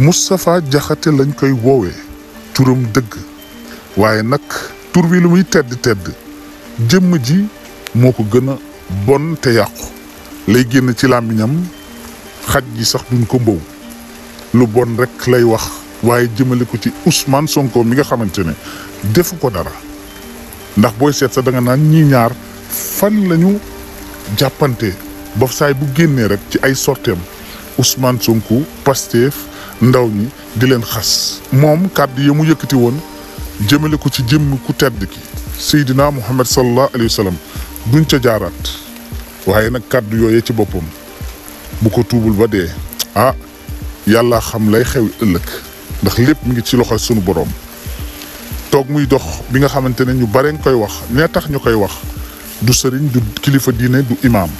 Moustapha jaxate lañ koy woowee turam dëgg waaye nag tur wi lu muy tedd tedd jëmm ji moo ko gën a bon te yàqu lay génn ci làmmiñam xaj ji sax duñ ko mbow lu bon rek lay wax waaye jëmale ko ci Ousmane Sonko mi nga xamante ne defu ko dara ndax booy seet sax da nga naan ñii ñaar fan lañu jàppante ba saay bu génnee rek ci ay sorteem usmaan Sonko Pastef ndaw ñi di leen xas moom kàddu yi mu yëkkati woon jëmale ko ci jëmm ku tedd ki seydina muhammad sallallahu alayhi wa sallam duñ ca jaaraat waaye nag kàddu yooyee ci boppam bu ko tuubul ba dee ah yàlla xam lay xew ëllëg ndax lépp mi ngi ci loxo sunu borom toog muy dox bi nga xamante ne ñu bare nga koy wax nee tax ñu koy wax du sëriñ du kilifa diine du imaam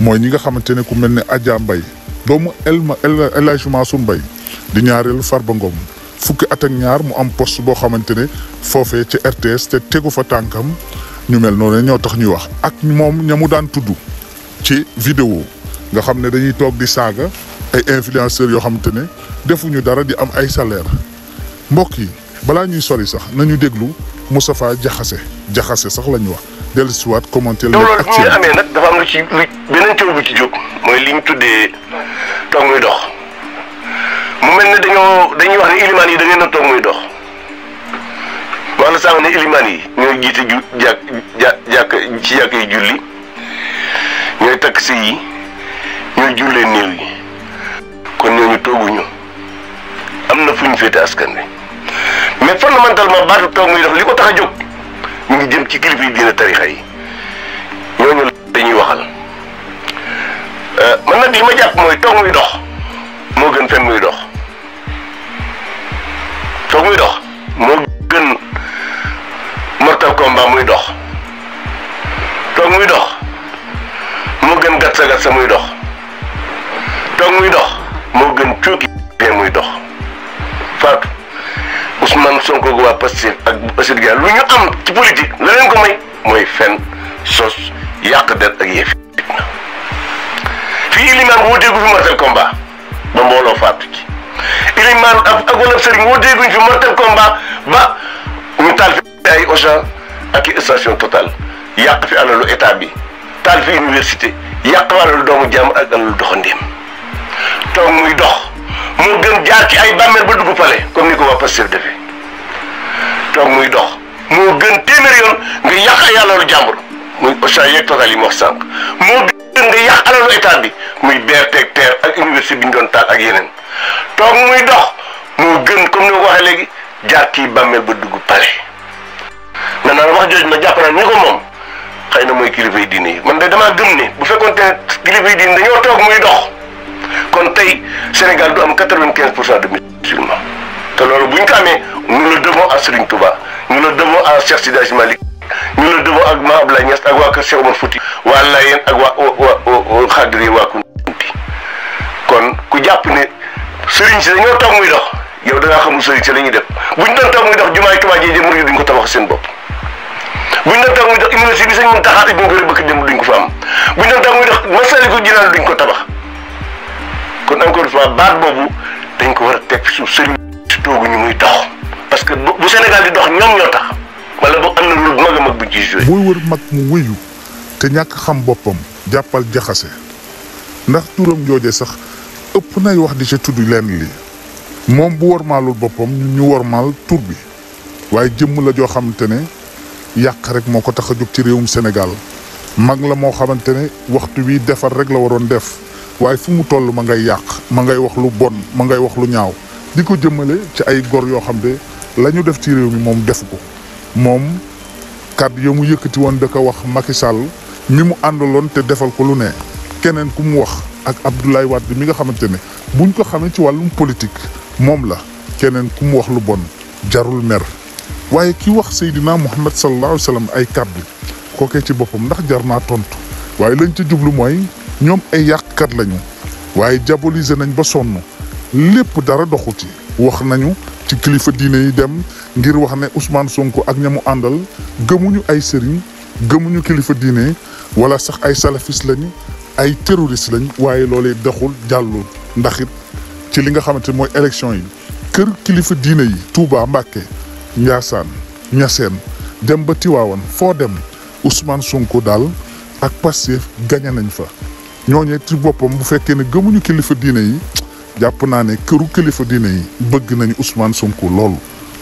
mooy ñi nga xamante ne ku mel ne Adja Mbaye doomu elma El Hadj Mansour Mbaye di ñaareelu Farba Ngom fukki at ñaar mu am post boo xamante ne foofee ci RTS te tegu fa tànkam ñu mel noonu ñoo tax ñuy wax ak moom ña mu daan tudd ci vidéo nga xam ne dañuy toog di saaga ay influenceurs yoo xamante ne defuñu dara di am ay salaire mbokk yi balaa ñuy sori sax nañu déglu Moustapha Diakhaté Diakhaté sax la wax dellu si waat bi muy amee nag dafa am na ci lu beneen coow bu ci jóg mooy li ñu tuddee toog muy dox mu mel ne dañoo dañuy wax ne ilimaan yi da ngeen a toog muy dox wax na sànq ne ilimaan yi ñooy jiite ju jàkk ci jàkk yi julli ñooy takk si yi ñooy jullee néew yi kon ñooñu tooguñu am na fu ñu féete askan wi mais fondamentalement baatu toog muy dox li ko tax a jóg mu ngi jëm ci kilifa yi diine tarixa yi ñooñu dañuy waxal euh, man nag li ma jàpp mooy toog muy dox moo gën fen muy dox dox muy dox moo gën mortal komba muy dox toog muy dox moo gën gatsa gatsa muy dox toog muy dox moo gën cuuki muy dox faatu Ousmane Sonko gu waa Pastef ak Assane Gueye lu ñu am ci politique la ko may mooy fen soos yàq det ak yëf fii limaan wóoteegu fi mortal combat ba mbooloo faatu ci ilimaan ak wala sëriñ woo dégguñ fi mortel combat ba ñu taal fi ay Auchan ak i station Total yàq fi alalu état bi taal fi université yàq fi alalu doomu jàmm ak alalu doxandéem toog muy dox mu gën jaar ci ay bàmmeel ba comme ni ko waa Pastef muy dox moo gën téeméer yoon nga yàq ay alalu jàmbur muy Auchan moo gën nga yàq muy BRT ak TER ak université bi ñu doon taal ak yeneen tok muy dox mo gën comme ni waxe legi léegi bammel ba dugg pale na na wax jooju na jàpp naa ñi ko mom xeyna moy mooy kilifa diine man day dama gëm ni bu fekkonté te kilifa yi diine dañoo toog muy dox kon tay Sénégal du am 95% de musulmans te loolu bu ñu ko amee le à Serigne Touba ñu le devo à Cheikh Sidi malik ñu la devo ak ma abla Niass ak wa ko Cheikh Omar Fouti waa ak waa waa xadri waa kon ku japp ne sëriñ si dañoo toog muy dox yow da xamul sëriñ si la ñuy def buñ doon toog muy dox jumaay Tuubaa jee jëmur yi duñ ko tabax seen bopp buñ doon toog muy dox université bi sañ mën taxaat moo ko rek bëgg dem duñ ko fa am buñ doon toog muy dox Masaalikul ko tabax kon encore une fois baat boobu dañ ko war a teg suuf sëriñ si tooguñu muy tox parce que bu Sénégal di dox ñoom ñoo tax wala boog am na lu mag a mag bu ci joué booy wër mag mu wéyu te ñàkk xam boppam jàppal jaxase ndax turam jooje sax ëpp nay wax di ca tudd lenn li moom bu wormaalul boppam ñu wormaal tur bi waaye jëmm la joo xamante ne yàq rek moo ko tax a jóg ci réewum senegal mag la moo xamante ne waxtu wi defar rek la waroon def waaye fu mu toll ma ngay yàq ma ngay wax lu bon ma ngay wax lu ñaaw di ko jëmmale ci ay gor yoo xam ne lañu def ci réew mi moom def ko moom kàddu ya mu yëkkati woon da ko wax Macky Sall mi mu àndaloon te defal ko lu ne keneen ku mu wax ak Abdoulaye Wade bi mi nga xamante ne buñ ko xamee ci wàllum politique moom la keneen ku mu wax lu bon jarul mer waaye ki wax Seydina Muhammad sallallahu alayhi wa sallam ay kàddu kookee ci boppam ndax jar naa tontu waaye lañ ci jublu mooy ñoom ay yàqkat lañu waaye diaboliser nañ ba sonn lépp dara doxuti wax nañu ci kilifa diine yi dem ngir wax ne Ousmane Sonko ak ñamu àndal gëmuñu ay sëriñ gëmuñu kilifa diine wala sax ay salafis lañu ay terroriste lañ waye lolé dexul jàllul ndax it ci li nga xamanteni moy élection yi kër kilifa diiné yi Touba Mbacké Ndiassane Niassène dem ba Tiwawan fo dem Ousmane Sonko dal ak passif gagné nañ fa ñooñee ci bopam bu fekké ne gëmuñu kilifa diiné yi japp na né këru kilifa diiné yi bëgg nañ Ousmane Sonko lool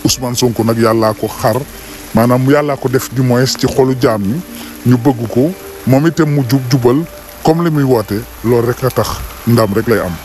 Ousmane Sonko nak yalla ko xar manam yalla ko def du moins ci xolu jamm ñu bëgg ko momité mu jub jubal comme li muy woote loolu rek a tax ndam rek lay am.